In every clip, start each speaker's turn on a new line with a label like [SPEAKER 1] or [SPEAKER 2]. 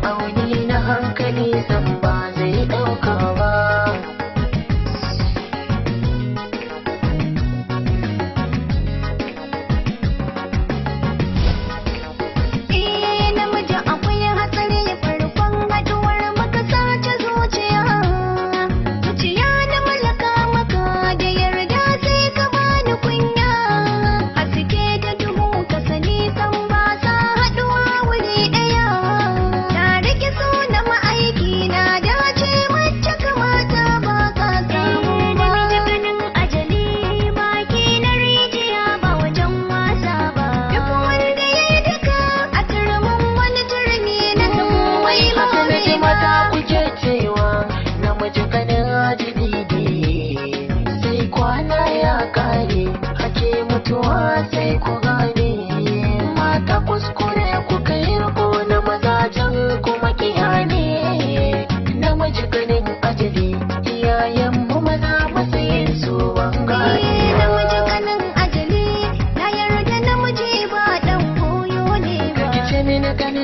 [SPEAKER 1] ma'auni na hankali zan ba jituwa sai ku gane mata kuskure ku kai riko na mazajen kuma kiyane namiji ganin ajali iyayen mu maza masu yin su bangare eh, namiji ganin ajali na yarda namiji ba dan koyo ne ba kice na gani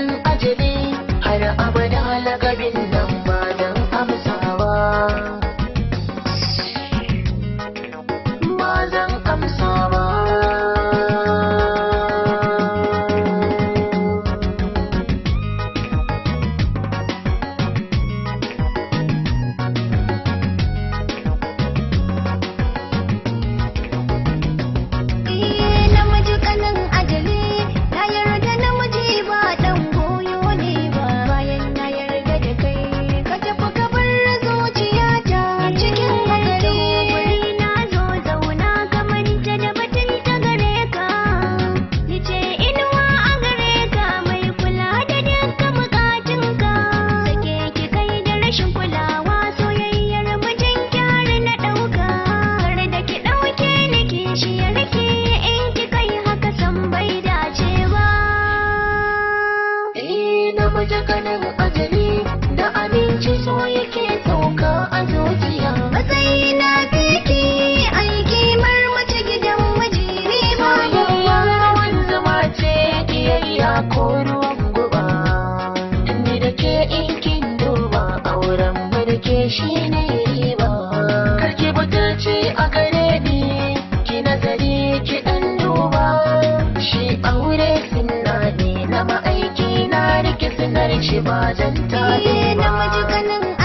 [SPEAKER 1] guje kanin ajali da abinci so yake sauka a zuciya matsayi na biki aiki marmace gidan majini soyayya wani zama ce kiyayya ko ruwan guba inda da ke in kin duba auren barke shi ne tafi ƙarshe ba zan tafi ba.